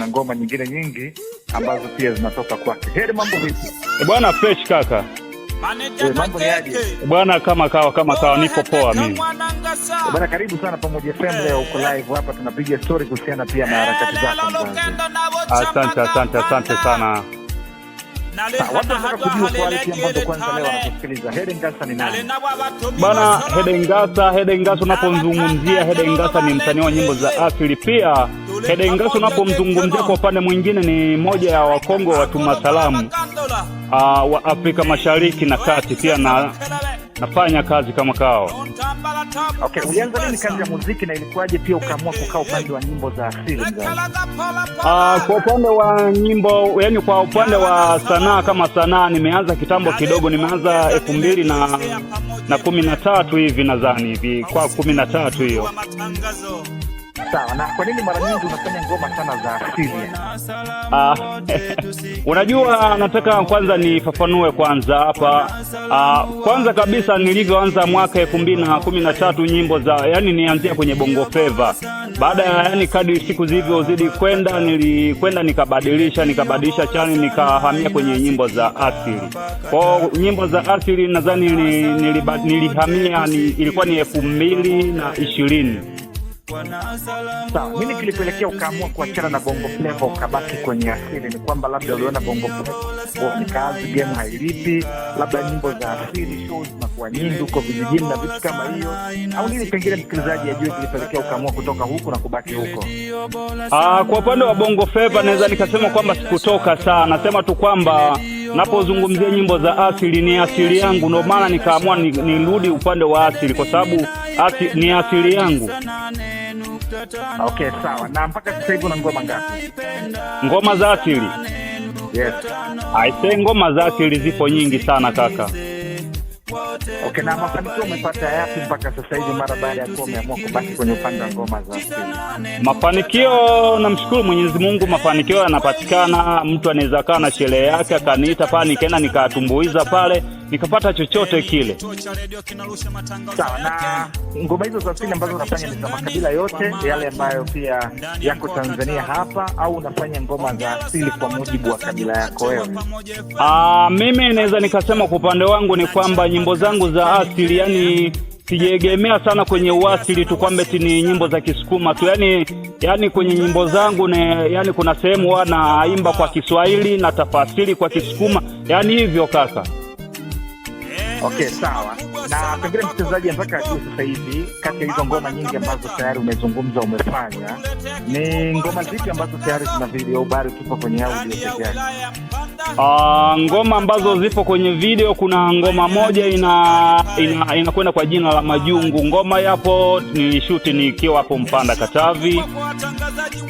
na ngoma nyingine nyingi ambazo pia zinatoka kwake. Heri, mambo vipi E bwana? Fresh kaka. Eh, e, mambo bwana, kama kawa kama kawa, nipo poa mimi e bwana. Karibu sana Pamoja FM, eh. leo uko live hapa, tunapiga story kuhusiana pia na harakati eh, zako. Asante, asante, asante sana. Bwana Hedengasa, Hedengasa, unapomzungumzia Hedengasa ni msanii wa nyimbo za asili pia Chadengasa unapomzungumzia kwa upande mwingine, ni moja ya Wakongo watuma salamu uh, wa Afrika Mashariki na Kati, pia na nafanya kazi kama kao. Okay, ulianza nini kazi ya muziki na ilikuwaje pia ukaamua kukaa upande wa nyimbo za asili? Uh, kwa upande wa nyimbo, yani kwa upande wa sanaa kama sanaa, nimeanza kitambo kidogo, nimeanza elfu mbili na na kumi na tatu hivi nadhani hivi kwa kumi na tatu hiyo Sawa. Na kwa nini mara nyingi unafanya ngoma sana za asili? Ah, unajua nataka kwanza nifafanue kwanza hapa. Ah, kwanza kabisa nilivyoanza mwaka elfu mbili na kumi na tatu nyimbo za yani, nianzia kwenye Bongo feva Baada ya yani, kadi siku zilivyozidi kwenda, nilikwenda nikabadilisha nikabadilisha chani, nikahamia kwenye nyimbo za asili. Kwa nyimbo za asili nadhani nilihamia ni, ilikuwa ni elfu mbili na ishirini Sawa, nini kilipelekea ukaamua kuachana na bongo fleva ukabaki kwenye asili? Ni kwamba labda uliona bongo fleva ni kazi, gemu hailipi, labda nyimbo za asili, show zinakuwa nyingi huko vijijini na vitu kama hiyo, au nini? Pengine msikilizaji ajue kilipelekea ukaamua kutoka huko na kubaki huko. Ah, kwa upande wa bongo fleva naweza nikasema kwamba sikutoka sana, nasema tu kwamba napozungumzia nyimbo za asili ni asili yangu, ndio maana nikaamua nirudi upande wa asili, kwa sababu asili, ni asili yangu. Okay, sawa. Na mpaka sasa hivi una ngoma ngapi? Ngoma za asili? Yes. I Aise, ngoma za asili zipo nyingi sana kaka. Okay, na mafanikio umepata yapi mpaka sasa hivi mara baada ya kuwa umeamua kubaki kwenye upande wa ngoma za asili? Mafanikio, namshukuru Mwenyezi Mungu, mafanikio yanapatikana. Mtu anaweza kaa na sherehe yake akaniita pale, nikaenda nikatumbuiza pale nikapata chochote kile. Sawa. Na ngoma hizo za asili ambazo unafanya ni za makabila yote yale ambayo pia yako Tanzania hapa, au unafanya ngoma za asili kwa mujibu wa kabila yako wewe? Ah, mimi naweza nikasema kwa upande wangu ni kwamba nyimbo zangu za asili yani sijaegemea sana kwenye uasili tu kwamba ti ni nyimbo za Kisukuma tu yani, yani kwenye nyimbo zangu ne, yani kuna sehemu imba kwa Kiswahili na tafasiri kwa Kisukuma yani hivyo kaka. Okay, sawa. Na pengine mchezaji mpaka ajue sasa hivi, kati ya hizo ngoma nyingi ambazo tayari umezungumza, umefanya, ni ngoma zipi ambazo tayari zina video bado tupo kwenye audio peke yake? Uh, ngoma ambazo zipo kwenye video, kuna ngoma moja ina inakwenda ina, ina kwa jina la Majungu. Ngoma yapo nilishuti nikiwa hapo Mpanda Katavi.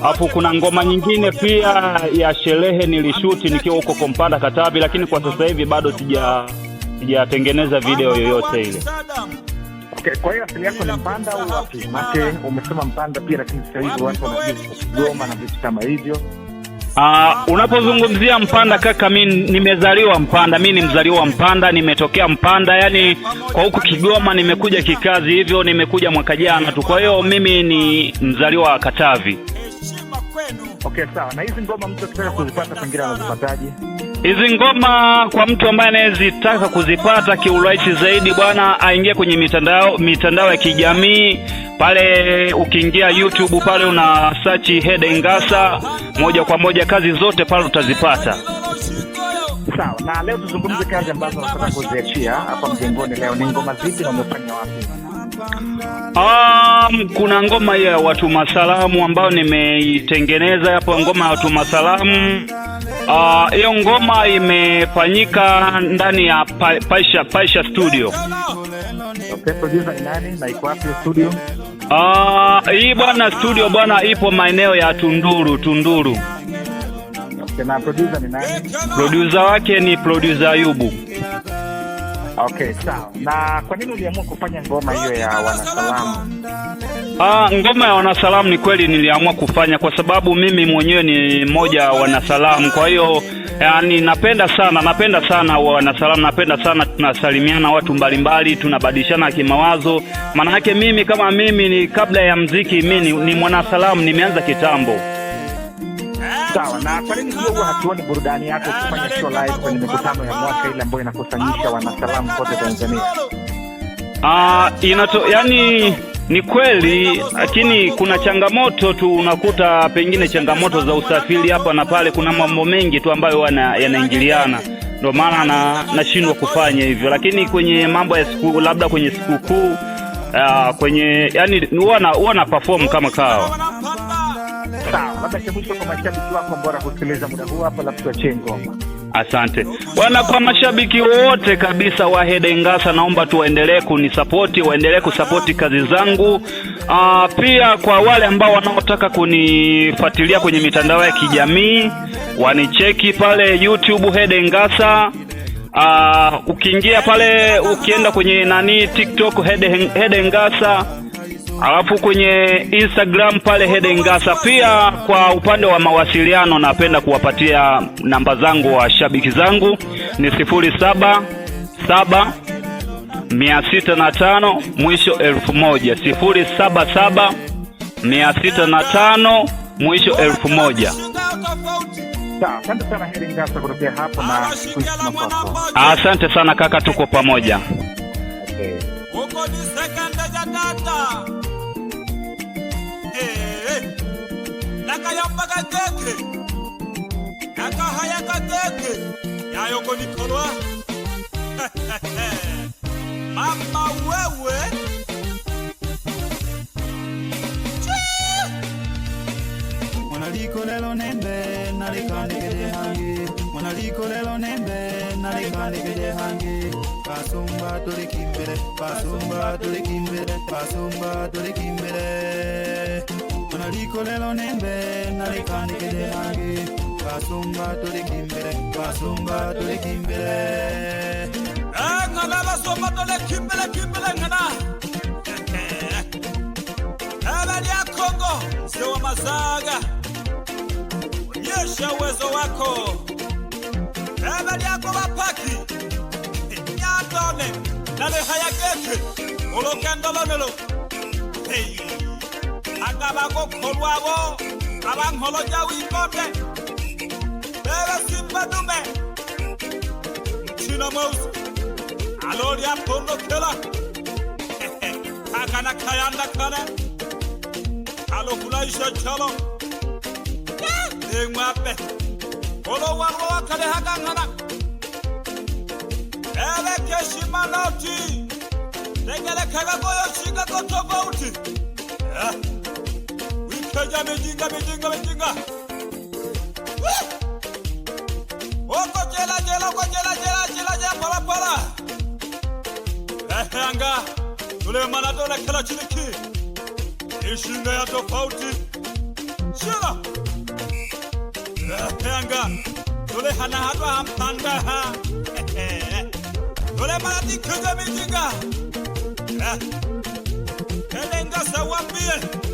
Hapo kuna ngoma nyingine pia ya sherehe nilishuti nikiwa huko Mpanda Katavi, lakini kwa sasa hivi bado sija sijatengeneza video yoyote ile. Okay, kwa hiyo asili yako ni Mpanda au wapi? Make umesema Mpanda pia, lakini sasa hivi watu wanajua na vitu kama hivyo. Uh, unapozungumzia Mpanda kaka, mi nimezaliwa Mpanda, mi ni mzaliwa Mpanda, nimetokea Mpanda, yani kwa huku Kigoma nimekuja kikazi hivyo, nimekuja mwaka jana tu. Kwa hiyo mimi ni mzaliwa wa Katavi. Okay, sawa. Na hizi ngoma mtu akitaka kuzipata pengine anazipataje? Hizi ngoma kwa mtu ambaye anayezitaka kuzipata kiurahisi zaidi, bwana aingie kwenye mitandao mitandao ya kijamii pale. Ukiingia YouTube pale una search Hede Ngasa, moja kwa moja kazi zote pale utazipata. Sawa, na leo tuzungumze kazi ambazo nataka kuziachia hapa mjengoni leo. Ni ngoma zipi na umefanya wapi? Um, kuna ngoma ya watu masalamu ambayo nimeitengeneza hapo, ngoma ya watu masalamu Ah, hiyo uh, ngoma imefanyika ndani ya pa, Paisha, Paisha studio. Okay, Uh, hii bwana studio bwana ipo maeneo ya Tunduru, Tunduru. Okay, na producer ni nani? Producer wake ni producer yubu Okay, sawa. Na kwa nini uliamua kufanya ngoma hiyo ya wanasalamu? Ah, ngoma ya wanasalamu ni kweli niliamua kufanya kwa sababu mimi mwenyewe ni mmoja wa wanasalamu, kwa hiyo yani ah, napenda sana, napenda sana wanasalamu, napenda sana tunasalimiana watu mbalimbali, tunabadilishana kimawazo. Maana yake mimi kama mimi ni kabla ya mziki, mimi ni, ni mwanasalamu, nimeanza kitambo. Sawa, na kwa nini hiyo huwa hatuoni burudani yake kufanya show live kwenye mikutano ya mwaka ile ambayo inakusanyisha wanasalamu kote Tanzania? Uh, inato, yani ni kweli, lakini kuna changamoto tu, unakuta pengine changamoto za usafiri hapa na pale, kuna mambo mengi tu ambayo yanaingiliana, ndio maana na nashindwa kufanya hivyo, lakini kwenye mambo ya siku labda kwenye sikukuu uh, kwenye yani huwa na perform kama kawa Sawa, labda cha mwisho kwa mashabiki wako ambao wanakusikiliza muda huu hapa, tuachie ngoma. Asante bwana. Kwa mashabiki wote kabisa wa Hedengasa, naomba tu waendelee kunisapoti, waendelee kusapoti kazi zangu. Aa, ah, pia kwa wale ambao wanaotaka kunifuatilia kwenye mitandao ya kijamii wanicheki pale YouTube Hedengasa. Ah, ukiingia pale ukienda kwenye nani TikTok Hedengasa Alafu kwenye Instagram pale hede ngasa Pia kwa upande wa mawasiliano, napenda kuwapatia namba zangu washabiki zangu ni sifuri saba saba mia sita na tano mwisho elfu moja sifuri saba saba mia sita na tano mwisho elfu moja. Asante sana asante sana kaka, tuko pamoja okay. Eh, nakayamba kateke nakahaya kateke yayogonikolwa mama wewe lelo nembe nalekandekele hange mwanaliko lelo nembe nalekandekele hange basumba tolekimbele basumba tolekimbele basumba tolekimbele nariko lelo nembe nalikandekedde nange kasumba tulekimbire kasumba tulekimbire ngana basumba tulekimbire kimbire ngana eh, eh. eh, abalya kongo sewa mazaga onyesha uwezo wako abalyako bapaki nyatone nalehayageke olokendolonelo hey. Akaba ko alori agabagokholwabo abankholoja wiikote bebesibadume mchinomous alolya pondokhela khakana khayanda khane alokhulaishocholo eng'wape e olowalwo wakhale hakanghana elekeshimanoti tegelekhegakoyoshikakotobauti yeah. Mteja amejinga, amejinga, amejinga. Uko jela, jela, uko jela, jela, jela, jela, para, para. Ehanga, Suleiman Adola kila chiliki. Ishinga ya tofauti. Shila. Ehanga, Sule hana hatwa hampanda ha. Sule marati kuja mijinga. Eh. Kelenga sawambie.